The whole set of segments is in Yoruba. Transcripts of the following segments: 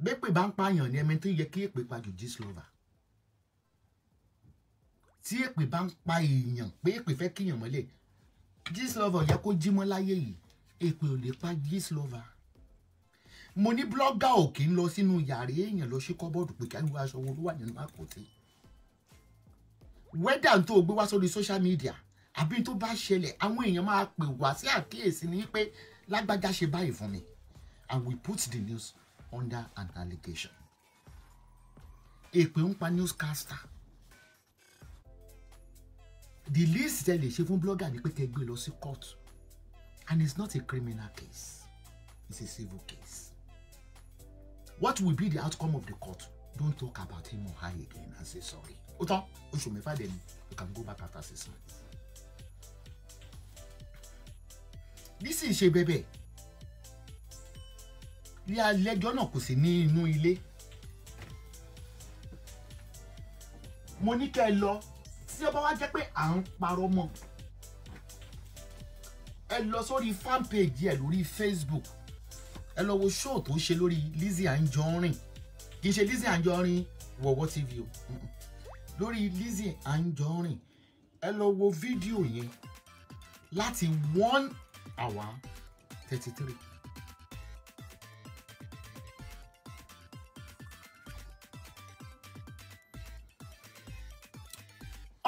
bépè bá ń pààyàn ni ẹni tó yẹ kí èpè pa jù Gistlover tí èpè bá ń pa èèyàn pé èpè fẹ́ kíyàn mọ́lẹ̀ Gistlover yẹ kó jí mọ́ láyé yìí èpè ò lè pa Gistlover mo ní blọ́gà ò kì í lọ sínú yàrá èèyàn lọ sí kọ́bọ́ọ̀dù pé kí aṣọ wo ló wà nínú àpótí wẹ́dà tó o gbé wá sórí social media àbí tó bá ṣẹlẹ̀ àwọn èèyàn máa pè wá sí àkíyèsí ní pé lágbájá ṣe báyìí fún mi and we put the news under an allegation. a ń newscaster the least tẹ lè ṣe blogger ni pé kẹ́ gbé lọ sí court and it's not a criminal case it's a civil case what will be the outcome of the court don't talk about him or her again and say sorry ó tán oṣù mẹ́fà dẹ̀ ni you can go back after six months. This is bẹ́ẹ̀ baby ní alẹ́ ẹjọ́ náà kò sí ní inú ilé mo ní kẹ́ ẹ lọ tí ó bá wá jẹ́ pé à ń parọ́ mọ́ ẹ lọ sórí fan page ẹ lórí Facebook ẹ lọ wo show tó ṣe lórí Lizzy Anjorin kì í ṣe Lizzy Anjorin wọ̀wọ́ TV o lórí Lizzy Anjorin ẹ lọ wo fídíò yẹn láti one hour thirty three.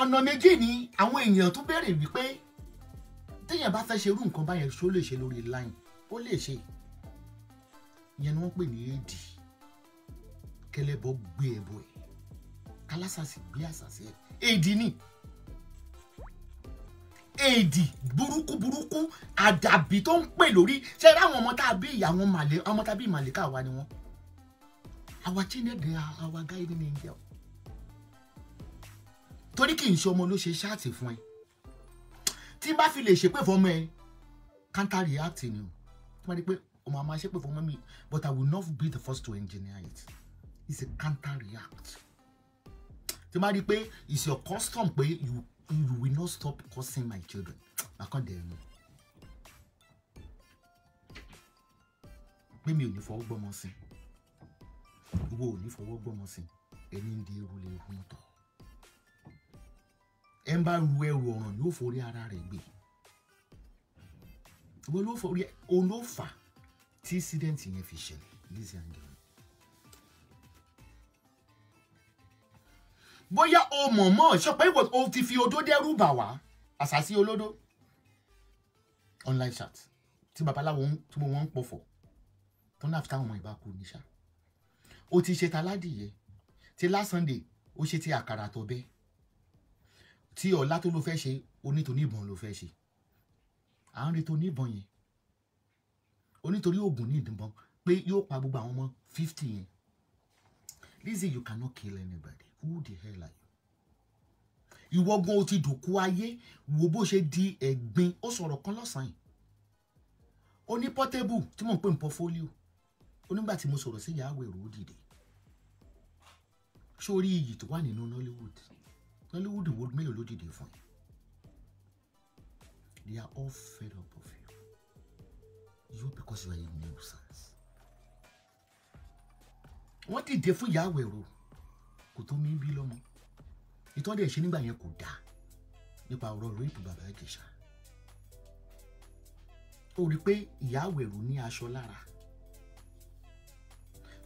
ọ̀nà méjì ni àwọn èèyàn tún béèrè wípé téèyàn bá fẹ́ ṣe irú nǹkan báyẹn ṣó lè ṣe lórí line ó lè ṣe ìyẹn ni wọ́n pè ní éèdì kẹlẹ́bọ gbé ẹbọ ẹ̀ kálásàsì gbé àsàsì ẹ̀ éèdì ni AD. burúkú burúkú àdàbí tó ń pè lórí ṣe é ráwọn ọmọ tá a bí ìyá wọn màlẹ ọmọ tá a bí màlẹ káwa ni wọn àwa chinede àwa gáyé ní India torí kì í ṣe ọmọ ló ṣe ṣáàtì fún ẹ tí bá fi lè ṣépè fọmọ ẹ counter react ni o tí wọ́n di pé ọmọ àmọ́ ṣépè fọmọ mi but I will not be the first to engineer it it's a counter react tí wọ́n di pé it's your custom pé you you will not stop cursing my children àkàndé ẹnu pé mi ò ní fọwọ́ gbọ́mọ sí ìwọ ò ní fọwọ́ gbọ́mọ sí ẹni ń di ewu lè hun tọ̀ ẹ ń bá ru ẹrù ọ̀ràn yóò forí ara rẹ̀ gbé ìwọ ló forí òun tí incident yẹn fi ṣẹlẹ̀ Lizzy Anjorin. bóyá o mọ̀ mọ́ ṣọpẹ́ ìwọ o ti fi odó dẹ́rù bà wá àṣàṣì olódó online chat tí babaláwo tí mo wọ́n ń pọ̀fọ̀ tó náà fi táwọn ọmọ ìbá kú níṣà o ti ṣe taládìyẹ ti last Sunday o ṣe ti àkàrà tó bẹ́ẹ̀ tí ọ̀la tó ló fẹ́ ṣe onítòníbọn ló fẹ́ ṣe à ń retò níbọn yẹn onítorí oògùn ní ìdìbọn pé yóò pa gbogbo àwọn ọmọ fifty yẹn Lizzy you cannot kill anybody who the hell are you ìwọ gan o ti dòkú ayé wo bó ṣe di ẹ̀gbin ó sọ̀rọ̀ kan lọ́sàn-án ó ní pọ́tẹ́bù tí mò ń pè ní pọ́fólíò onígbà tí mo sọ̀rọ̀ sí ìyá àwẹ̀rò ó dìde sórí iyì tó wà nínú Nollywood. No Nollywood World mélòó ló dìde fún yìí they are all fed up of you you because you are a nuisance wọ́n dìde fún ìyá àwẹ̀rò kò tó mí bí lọ́mọ ìtọ́ dẹ̀ ṣe nígbà yẹn kò dáa nípa ọ̀rọ̀ rape bàbá Ìjẹ̀ṣà ó rí pé ìyá àwẹ̀rò ní aṣọ lára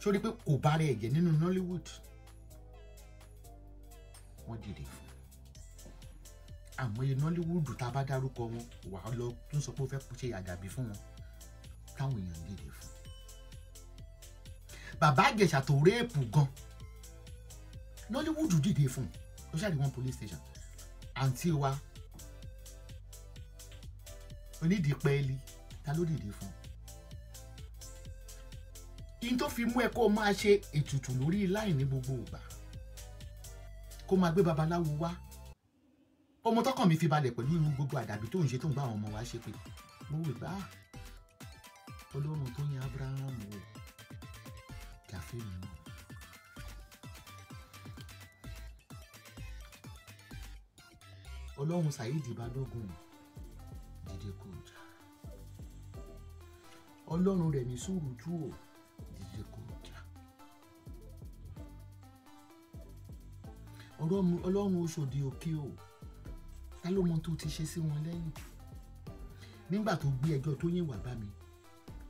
ṣó So pé kò bá rẹ̀ jẹ́ nínú Nollywood wọ́n dìde fún àmọye nollywood tá a bá dárúkọ wọn wà á lọ tún sọ pé ó fẹ́ ṣe àdàbí fún wọn táwọn èèyàn dìde fún bàbá àjẹsà tó réèpù gan nollywood dìde fún ó ṣàdí wọn police station àǹtí wa onídìí pẹ́ẹ́lí ta ló dìde fún yín tó fi mú ẹ kó máa ṣe ètùtù lórí láì ní gbogbo ìgbà kó máa gbé babaláwo wá ọmọ tọkàn mi fi balẹ̀ pẹ̀lú irun gbogbo àdàbí tó ń ṣe tó ń bá àwọn ọmọ wa ṣe pé mo wò gbá ah, ọlọ́run tó yan Abraham wò kàfé mi mọ́. ọlọ́run Saheed Balógun dìde kò jà ọlọ́run rẹ̀ mi sùúrù tú o. ọlọ́run oṣòdì òkè o ta ló mọ tó ti ṣe sí wọn lẹ́yìn nígbà tó gbé ẹjọ́ tó yìn wá bá mi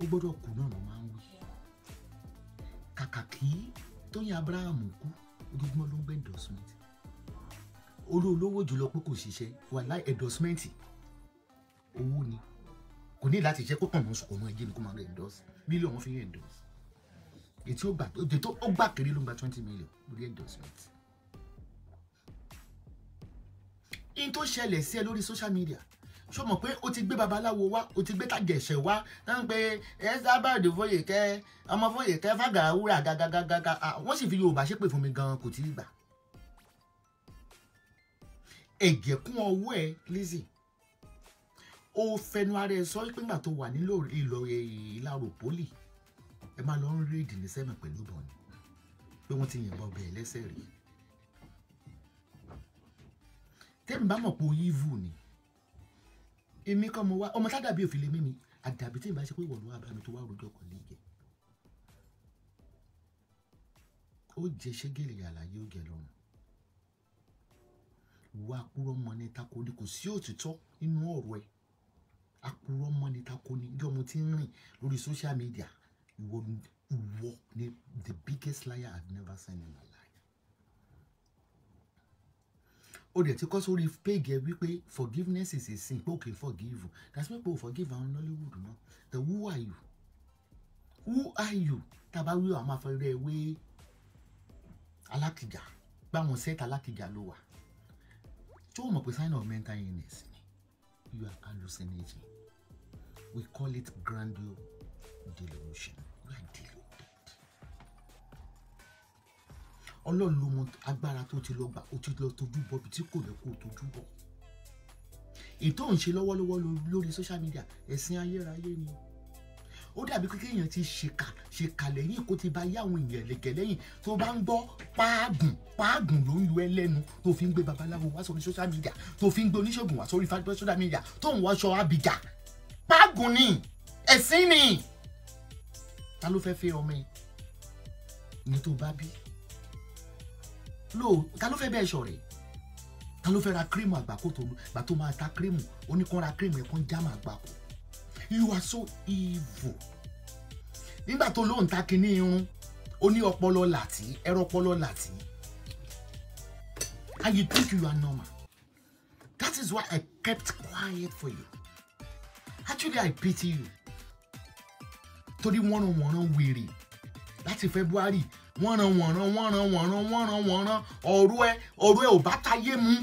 ó gbọ́dọ̀ kú náà ló máa ń wí kàkà kí tóyìn abraham kú ojoojúmọ́ ló ń gbé endorsement olú olówó jùlọ pé kò ṣiṣẹ́ wà láì endorsement owó ni kò ní láti ṣe kó kàn mọ́ sùkò mọ́ ẹjẹ́ ni kó máa lọ endorse mílíọ̀nù wọn fi ń endorse ètò ó gbà kiri ló ń gba twenty million lórí endorsement. in tó ṣẹlẹ̀ sí ẹ lórí social media ṣó mọ̀ pé o ti gbé babaláwo wá o ti gbé tàgẹ̀ṣẹ̀ wá náà ń pe Esabod Foyeke ọmọ Foyeke Fagawura gàgàgàgà wọ́n sì fi Yorùbá ṣépè fún mi gan kò tí ì gbà ẹ̀jẹ̀ kún ọwọ́ ẹ Lizzy ó fẹnu ara ẹ sọ pé nígbà tó wà nílò ìlọ ìlàrò pólì ẹ máa lọ ń rí ìdìní sẹ́mi pẹ̀lú bọ̀ọ̀nì pé wọ́n ti yìnbọn bẹ̀ẹ́ lẹ́sẹ̀ rí i tẹ́mi bá mọ̀ pé oyin vù ni èmi kọ́ mo wá ọmọ tá dàbí òfin lè mí ni àdàbí tẹ́mi bá ṣe pé ìwọ ló wà bá mi tó wá rojọ́ kan ní ìgẹ̀ ó jẹ ṣégèlè àlàyé ògẹ̀ lọ́rùn wá purọ́ mọ́ ni tako ni kò sí òtítọ́ nínú ọ̀rọ̀ ẹ̀ apurọ́ mọ́ ni tako ni bí ọmọ tí ń rìn lórí social media ìwọ ìwọ ni the biggest liar I've never seen in my life. o dẹ̀ ti kọ́ sórí péjì ẹ wípé forgiveness is a sin pé o kì í forgive that's why pé forgive our Nollywood náà the who are you who are you tàbá wí àwọn afẹ́rẹ́ wé alákìjà báwọn sẹ́ẹ̀tì alákìjà ló wà tí o mọ̀ pé sign of mental illness ni you are hallucinating we call it grandeur delusion you are delusion. ọlọ́run ló mọ agbára tó ti lọ gbà ó ti lọ tójú bọ bí tí kò yẹ kó tójú bọ ètò ń ṣe lọ́wọ́lọ́wọ́ lórí social media ẹ̀sìn ayérayé ni ó dàbí pé kéèyàn ti ṣèkà ṣèkà lẹ́yìn kó ti bá yá àwọn èèyàn lẹ̀kẹ̀ lẹ́yìn tó bá ń gbọ́ páàgùn páàgùn ló ń lu ẹ tó fi ń gbé babaláwo wá sórí social media tó fi ń gbé oníṣègùn wá sórí social media tó ń wọṣọ abìjà páàgùn ni ẹ̀sìn ni ta ló fẹ́ fẹ́ ọmọ ẹ̀ ní tó bá bí lò ta ló fẹ́ bẹ́ẹ̀ ṣọ̀rẹ́ ta ló fẹ́ ra kírímù àgbákò tó gbà tó máa ta kírímù oníkan ra kírímù ẹ̀kan jámà àgbákò you are so evil nígbà tó lóun ta kinní irun ó ní ọpọlọ làtí ẹrọ ọpọlọ làtí and you think you are normal that is why I kept quiet for you actually I pity you torí wọ́n ràn wọ́n ràn wèrè láti February wọ́nran wọ̀nran wọ́nran wọ̀nran wọ́nran wọ̀nran ọ̀rọ̀ ẹ ọ̀rọ̀ ẹ ò bá táyé mu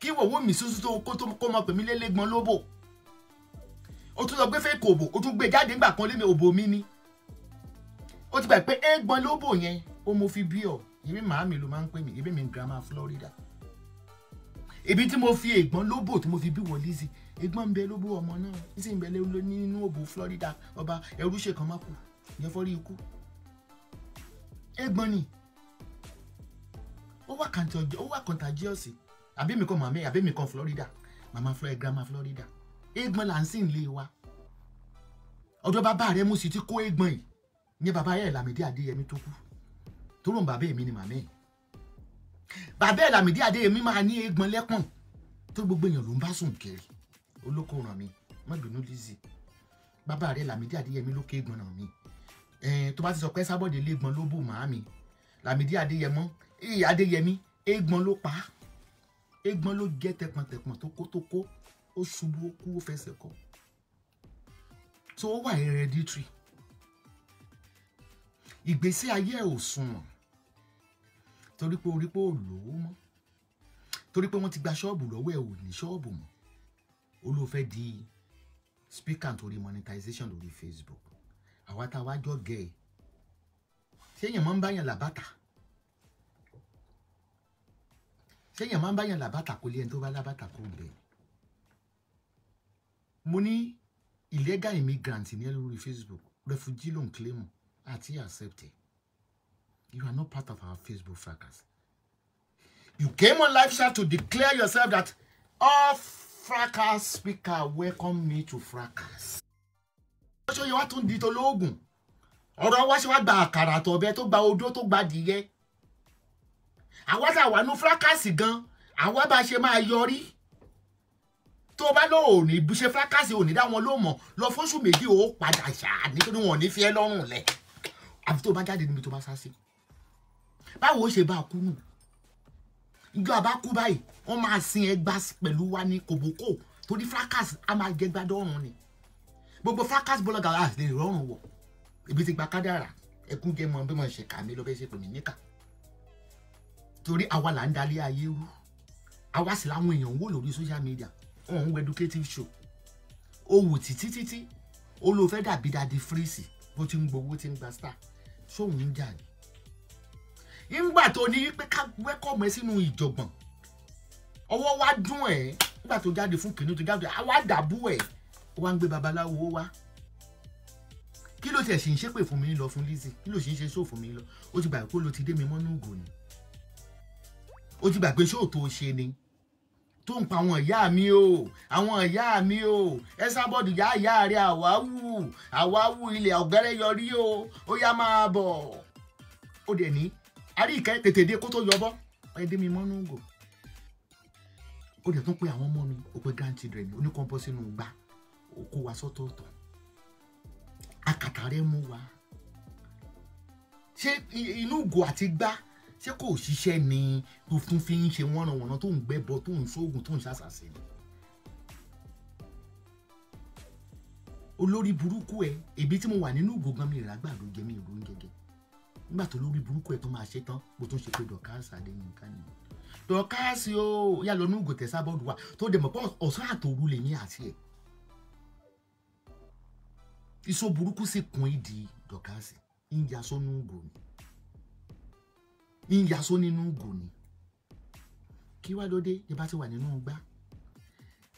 kí wọ̀wọ́ mi sísun tó kó tó kó mọ pèmí lélégbọn lóbò o tún lọ gbé fèkì òbò o tún gbé jáde ńgbà kan lémi òbò mi ni ó ti gbà pé égbọn lóbò yẹn ó mo fi bí ọ ìbí màámi ló máa ń pè mí ìbí mi grandma Florida ibi tí mo fi ègbọn lóbò tí mo fi bí wọ Lizzy ègbọn ń bẹ lóbò ọmọ náà ní sì ń bẹ nínú òbò Florida ọba ẹrú ṣe kan má kú ìyẹn fọ́rí ikú ẹ̀gbọ́n ni ó wà kàntì ọjọ́ ó wà contagious àbí mi kan màmí àbí mi kan Florida màmá Florida grandma Florida ẹ̀gbọ́n là ń sìn lé wa ọ̀dọ̀ bàbá rẹ̀ mo sì ti kó ẹ̀gbọ́n yìí ní bàbá yẹ Lámìdí Adéyẹmí tó kú tó rò ń bàbá èmi ni màmí bàbá ẹ̀ Lámìdí Adéyẹmí máa ní ẹ̀gbọ́n lẹ́pọ̀n tó gbogbo èèyàn ló ń bá sùn kiri olóko ràn mí má bínú Lizzy bàbá rẹ̀ Lámìdí Adéyẹmí ló ké ẹ̀gbọ́n ràn mí Eh, tó bá ti sọ pé sábọ̀dé légbọn ló bò màámi làmídí adéyẹmọ eh, adéyẹmí égbọn ló pa á égbọn ló jẹ tẹpọntẹpọn tó kó tó kó ó ṣubú ó kú ó fẹsẹ̀ kọ tó wà hereditary ìgbésí ayé ẹ̀ ò sunwọ̀n torí pé orí pé ò lówó mọ́ torí pé wọ́n ti gba ṣọ́ọ̀bù lọ́wọ́ ẹ̀ ò ní ṣọ́ọ̀bù mọ́ olóòfẹ́ di speaker torí monetization lórí Facebook àwa tá a wá jọ gẹ̀ ẹ́ ṣé èèyàn máa ń báyàn làbàtà ṣé èèyàn máa ń báyàn làbàtà kò lé ẹni tó bá làbàtà kò bẹ̀ mo ní illegal immigrant ní lórí Facebook refugee ló ń claim àti accept you are not part of our Facebook fracas you came on live chat to declare yourself that all fracas speaker welcome me to fracas ṣóyè wá tún di tolóògùn ọ̀rọ̀ wa ṣe wá gba àkàrà àtọ̀bẹ tó gba odó tó gba adìyẹ àwa tá a wà ní fúlákàsì gan àwa bá ṣe máa yọrí tó bá lọ ò ní ṣe fúlákàsì ò ní dá wọn ló mọ̀ lọ fóṣù méjì ó padà ṣáà nítorí wọn ò ní fi ẹ́ lọ́rùn lẹ̀ àfi tó bá jáde níbi tó bá sá sí báwo ṣe bá kú nù ìjọ àbá kú báyìí wọ́n máa sin ẹgbàá pẹ̀lú wa ní kòbókò torí fúlákàsì á máa jẹgbàá ni gbogbo fracas blogger house ah, lè rọrùn wọ̀ ibi tí gba kádàrà ẹkún jẹ mọ bí mo ṣe kà mí lọ bẹ́ẹ̀ ṣe pè mí níkà torí àwa là ń dalẹ̀ ayé rú àwa sì làwọn èèyàn ń wò lórí social media wọn ń wo educative show o wò títí títí o lo fẹ́ dàbí dadi fírìsì bó ti ń gbowó ti ń gba star sóun ń jà ní nígbà tó ní pé ká wẹ́kọ̀mù sínú ìjọ̀gbọ̀n ọwọ́ wa dún ẹ̀ nígbà tó jáde fún kìnìún tó jáde àwa dàbú ẹ̀ ó wá ń gbé babaláwo ó wá kí ló tiẹ̀ sì ń ṣépè fún mi lọ fún Lizzy kí ló sì ń ṣe ṣó fún mi lọ ó ti gbàgbé kó ló ti dé mi mọ́nú ògò ni ó ti gbàgbé ṣó tó ṣe ni tó ń pa àwọn ìyá mi o àwọn ìyá mi o ẹ sábọ́dù yá ìyá rẹ àwáwù àwáwù ilẹ̀ ọ̀gẹ́rẹ́ yọrí o ó yá máa bọ̀ ó dẹ̀ ní àríkẹ́ tètè dé kó tó yọbọ́ ẹ dé mi mọ́nú ògò ó dẹ̀ tún pé àwọn ọmọ mi ó pé grandchildren oníkan sínú gbà ó kó wa sọ́tọ̀ọ̀tọ̀ akàtà rẹ mú wa ṣé inú ìgò àti gbá ṣé kò ṣiṣẹ́ ni tó tún fi ń ṣe wọ́nranwọ̀nran tó ń gbẹ́bọ tó ń ṣoògùn tó ń ṣàṣàṣe ni. olórí burúkú ẹ ebi tí mo wà nínú ìgò gan mi rà gbàdo jẹ mi ìrò oúnjẹ nígbà tó lórí burúkú ẹ tó máa ṣe tán mo tún ṣe pé dọkáàsì adéyínká ni dọkáàsì o yà lọ nínú ìgò tẹ̀sán bọ́ọ̀dù wa tó dẹ̀ mọ̀ pé ọ̀sán àtòru lèmi àti ẹ̀ iṣó burúkú sì kún ìdí dọ̀kásì ń yasó nínú ìgò ni ń yasó nínú ìgò ni kí wá ló dé ní bá ti wà nínú gbá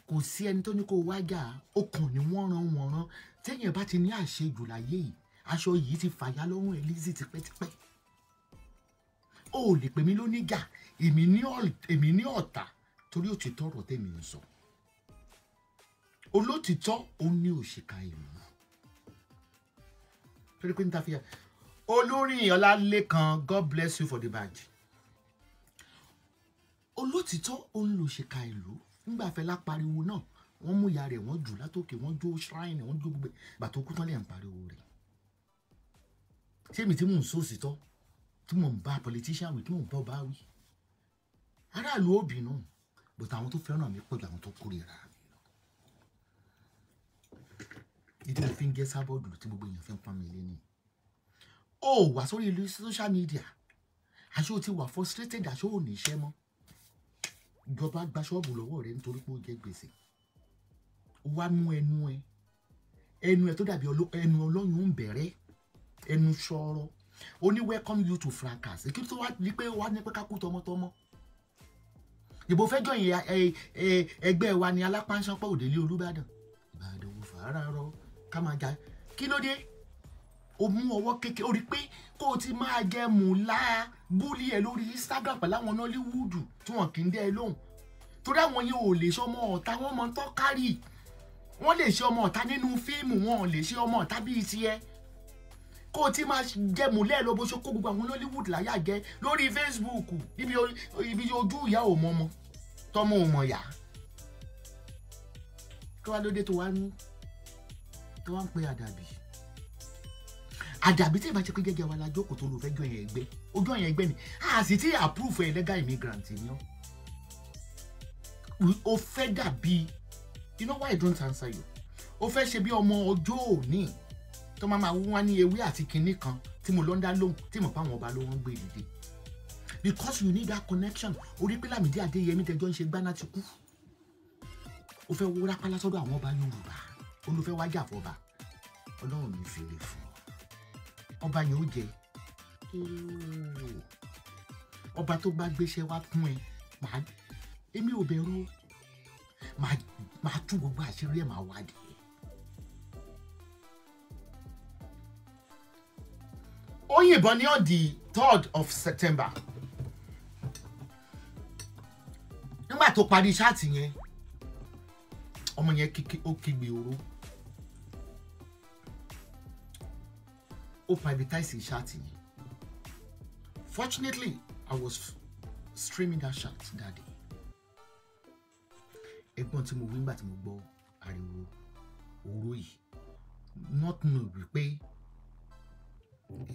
kò sí ẹni tó ní kó wájà okùn ni wọ́n ran wọ́n ran tẹ́yìn bá ti ní àṣejù láyé yìí aṣọ yìí ti fàyà lọ́rùn Lizzy tipẹ́tipẹ́ o ò lè pè mí lóníjà èmi ní ọ̀tá torí òtítọ́ ọ̀rọ̀ tèmi ń sọ olótìtọ́ òun ní òṣìkà èmi torí pé n ta fi yà olórin ọlálékan god bless you for the badge olótìtọ́ òun ló ṣe ka ìlú nígbà fẹlá pariwo náà wọ́n mú ìyá rẹ̀ wọ́n jù látòkè wọ́n jó shrine wọ́n jó gbogbo bàtà okú tán lè ń pariwo rẹ̀ ṣé èmi tí mò ń sóòsìtọ́ tí mò ń bá politician wí tí mò ń bá ọba wí aráàlú òbí náà bùtà àwọn tó fẹ́ràn mi pọ̀ ju àwọn tó kórìíra ìdí tó fi ń jẹ́ sábọ́ọ̀dù tí gbogbo èèyàn fi ń pọ́n mi lé ni ó wà sórí ìlú social media aṣọ ti wà frustrated aṣọ ò ní iṣẹ́ mọ́ ìjọba gba ṣọ́ọ̀bù lọ́wọ́ rẹ nítorí pé ó jẹ́ gbèsè ó wá mú ẹnu ẹ ẹnu ẹ tó dàbí ẹnu ọlọ́yún ń bẹ̀rẹ̀ ẹnu ṣọ́ọ́rọ́ ó ní welcome you to fracas kí tó wá ní pé wá ní pé ká kú tọmọtọmọ ìbò fẹjọ yìí ẹgbẹ́ wa ni alápánṣánpọ òdèlé Olúbàdàn Ìbàdàn ò fara rọ ká máa jà kí ló dé o mú ọwọ́ kékeré o rí pé kó o ti máa jẹ mùlá búlì ẹ lórí Instagram pẹ̀lú àwọn Nollywood tí wọn kì í dẹ́ ẹ lóhùn torí àwọn yẹn ò lè ṣe ọmọ ọ̀tá wọn mọ tó kárì wọn lè ṣe ọmọ ọ̀tá nínú fíìmù wọn ò lè ṣe ọmọ ọ̀tá bíi tiẹ̀ kó o ti máa jẹ mùlẹ́ lọ bó ṣe kó gbogbo àwọn Nollywood láyà jẹ lórí Facebook ibi ojú ìyá ò mọ ọmọ tọmọ ò mọ̀ yá kí wàá lóde tó wá ní tó wá ń pe àdàbí àdàbí tí ìbá ṣe pé jẹ́jẹ́ wa la jókòó tó lò fẹ́ jọ yẹn ẹgbẹ́ ojú ọ̀yàn ẹgbẹ́ ni a sì ti approve illegal immigrant ni ọ́ o fẹ́ dàbí you know why I don't answer you o fẹ́ ṣe bí ọmọ ọjọ́ òní tó máa ma wá ní ewé àti kinní kan tí mo lọ ń dá lóhùn tí mo bá wọn ọba lóhùn gbé dìde because you need that connection orí pé Lámìdí Adéyẹmí tẹjọ́ ń ṣe gbaná ti kú o fẹ́ wúra pálá sọ́dọ̀ àwọn ọba Yorùbá olùfẹ́ wá jà fọba ọlọ́run ní fèrè fún ọ ọba yẹn ó jẹ ọba tó bá gbéṣẹ́ wá fún ẹ màá èmi ò bẹ̀rù màá tú gbogbo àṣírí ẹ̀ màá wádìí. ó yìnbọn ní on the third of September nígbà tó parí ṣáàtì yẹn ọmọ yẹn ó kígbe oró. ó privatize ṣáàtì yìí fortunately I was streaming that shot that day ẹ̀gbọ́n tí mo wí nígbà tí mo gbọ́ ariwo oró yìí not know wípé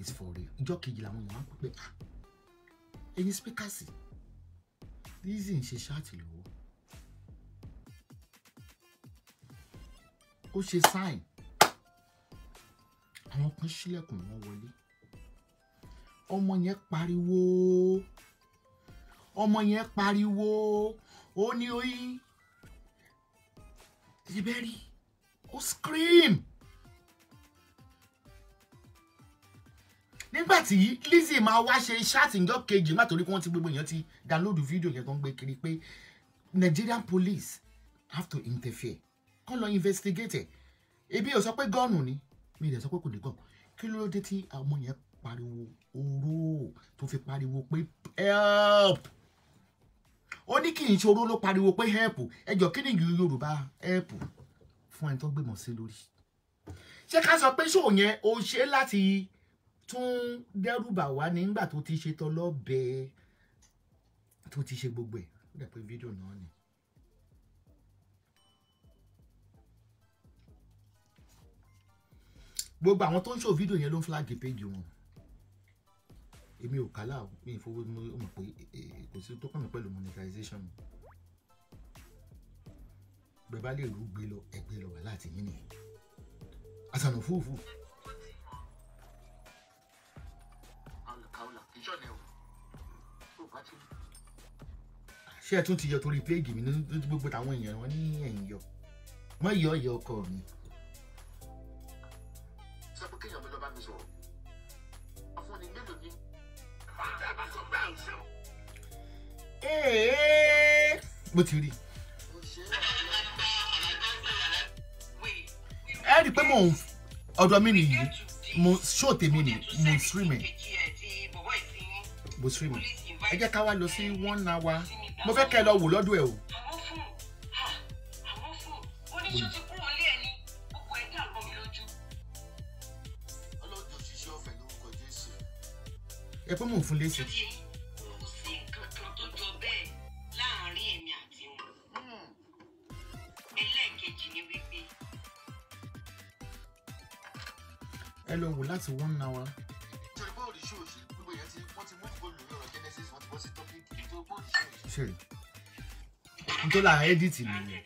is for real ìjọ kejì làwọn èèyàn wá pé ẹ̀yin spíkàsì Lizzy ń ṣe ṣáàtì lọ́wọ́ ó ṣe sign àwọn kan ṣílẹ̀kùn wọn wọlé ọmọ yẹn pariwo ọmọ yẹn pariwo ó ní oyin ìbẹ́rí ó scream nígbà tí Lizzy máa wá ṣe ṣáàtìjọ́ kejì má torí pé wọ́n ti gbogbo èèyàn ti download fídíò yẹn tó ń gbé kiri pé Nigerian police have to interfere kọ́ lọ investigate ẹ̀ ebi ò sọ pé gọ́ọ̀nù ni mi ìdẹ̀ pé kò ní gọ̀ kí ló dé tí ọmọ yẹn pariwo oró tó fi pariwo pé help ó ní kì í ṣe oró ló pariwo pé help ẹjọ́ kí ni yorùbá help fún ẹni tó gbìmọ̀ sí lórí ṣé ká sọ pé ṣòwò yẹn o ṣe láti tún dẹ́rùbà wá nígbà tó ti ṣe tọlọ́bẹ tó ti ṣe gbogbo ẹ̀ ó fídíò náà ni. gbogbo àwọn tó ń ṣòwò fídíò yẹn ló ń flagi péjì wọn èmi ò kálá o mi ìfowó mi ò mọ̀ pé e, e, kò sí tó kàn mí pẹ̀lú monetization bẹ́ẹ̀ bá lè rú gbé lọ ẹgbẹ́ lọ wà láti yín nìyẹn àṣànà fúfú. ṣé ẹ tún ti yọ torí péjì mi ní gbogbo àwọn èèyàn wọn ní ẹ̀yìn yọ wọ́n yọ ọ̀yọ́ ọkọ mi. mo ti rí ẹ rí i pé mò ń ọ̀dọ̀ mi nìyí mo ṣó tèmi ni mo ń stream ẹ̀ mo stream ẹ̀ ẹ jẹ́ ká wá lọ sí one hour mo fẹ́ kẹ́ ẹ lọ wò lọ́dọ̀ ẹ̀ o. ẹ pé mò ń fún lẹ́sìn. Hello. We last one hour. ṣe ìgbọ́ òrìṣẹ́ òṣì gbogbo yẹn ti wọ́n ti mú ìbọn ọ̀rọ̀ genesis wọ́n ti bọ́ sí topic ètò ìgbọ́ òrìṣẹ́ òṣì. nítorí àá ẹ́díìtì nìyẹn.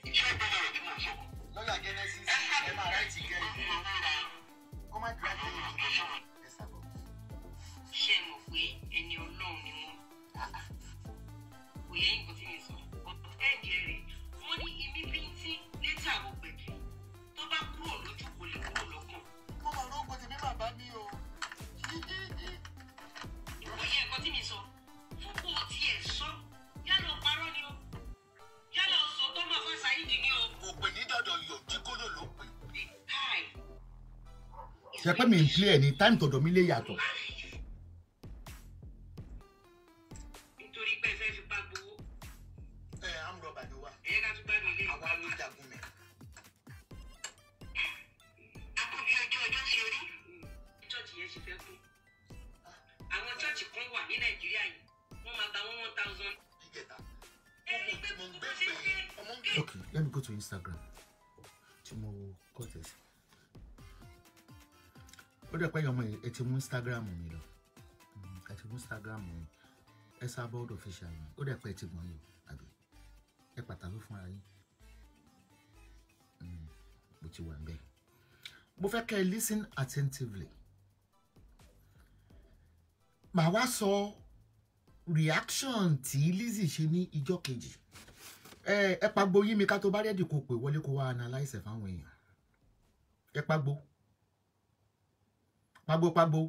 ṣe pé mi ń play ẹ̀ ní time tọ̀dọ̀ mi lè yàtọ̀ Instagram mi lọ ẹ ti gún Instagram mi Esabod official mi ó dẹ̀ pẹ́ ti gbọ̀n yìí àbí ẹ pàtàkì fún ara yín hmm, mo ti wà ń bẹ̀. mo fẹ́ kẹ́ ẹ listen attentively màá wá sọ reaction tí Lizzy ṣe ní ìjọ́ kejì ẹ pagbo yí mi ká tó bá rẹ́dì kó pè wọlé kó wá analyse fáwọn èèyàn ẹ pagbo pagbo pagbo.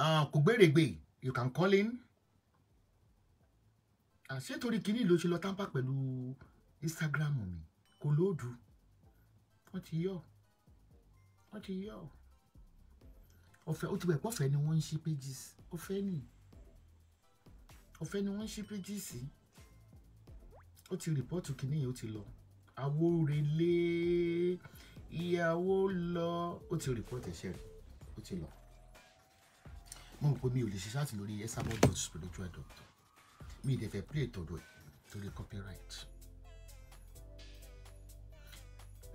Ah, Kògbérègbè you can call in ah, ṣé torí kinní ló ṣe lọ tápà pẹ̀lú Instagram mi kò lóòdù wọ́n ti yọ̀ wọ́n ti yọ̀ ọ̀fẹ́ ó ti wẹ̀ pọ̀fẹ́ ni wọ́n ń ṣí pages ọ̀fẹ́ ni ọ̀fẹ́ ni wọ́n ń ṣí pages sí ó ti rìpọ́ọ̀tù kinní yìí ó ti lọ Àwórelé ìyàwó lọ ó ti rìpọ́ọ̀tù ẹ̀ṣẹ̀ rẹ̀ ó ti lọ mo mọ̀ pé mi ò lè ṣe ṣáàtì lórí esabodot spiritual doctor mi ì dẹ̀ fẹ́ play tọ̀dọ̀ ẹ̀ copyright.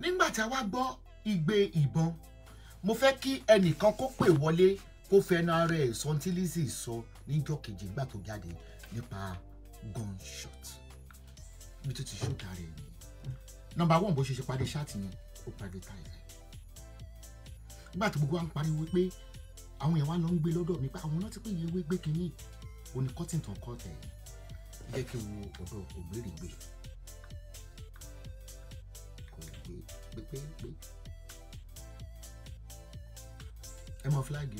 nígbà tá a wá gbọ́ igbe ìbọn mo fẹ́ kí ẹnìkan kó pè wọlé kó fẹnu ara ẹ̀ sọ tí Lizzy sọ níjọ́ kejì gbà tó jáde nípa gunshot ibi tó ti ṣòdà rẹ̀ nìyí nọ́mbà one bó ṣe ṣe parí ṣáàtì ni ó parí táyà nígbà tí gbogbo wa ń pariwo pé àwọn yẹn wá lọ ń gbé lọ́dọ̀ mi pé àwọn náà ti pé yẹn wé gbé kínní òní cotton tó ń kọ́ jẹ́ kí n wo ọ̀dọ̀ ògbérìgbè kò gbé pépépé ẹ mọ fúláàgì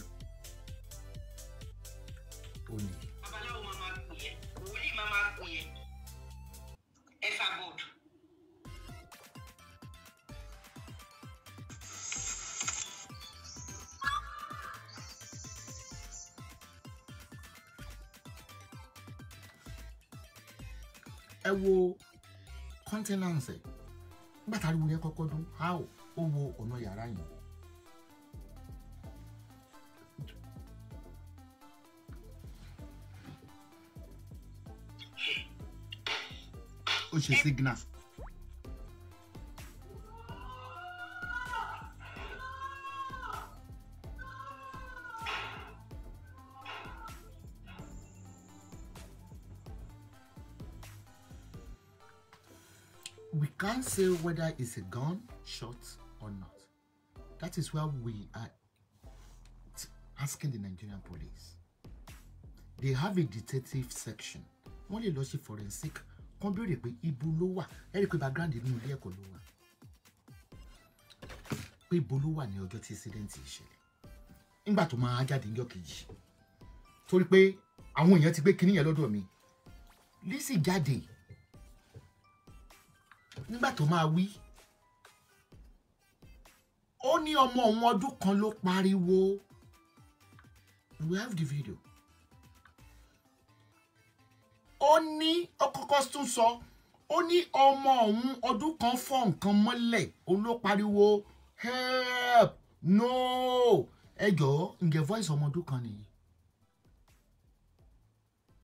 o ò nìyí. wo kọ́ńtínàǹsì nígbà tá a wo yẹn kọ́kọ́ dún how ó wo ọ̀nà yàrá yẹn. ó ṣe signal. can't say whether it's a gun shot or not. That is where we are asking the Nigerian police. They have a detective section. Wọ́n lè lọ sí forensic kan béèrè pé ibo ló wà ẹ rí i pé background inú ilé ẹ̀kọ́ ló wà pé ibo ló wà ní ọjọ́ tí incident ìṣẹ̀lẹ̀ nígbà tó máa jáde níjọ́ kejì torí pé àwọn èèyàn ti gbé kinní yẹn lọ́dọ̀ mi Lizzy jáde nígbà tó máa wí ó ní ọmọ òun ọdún kan ló pariwo we have the video ó ní ọkọ̀ọ̀kan tún sọ ó ní ọmọ òun ọdún kan fọ́ nǹkan mọ́lẹ̀ òun ló pariwo help no ẹ jọ̀ọ́ ǹjẹ́ voice ọmọ ọdún kan nìyí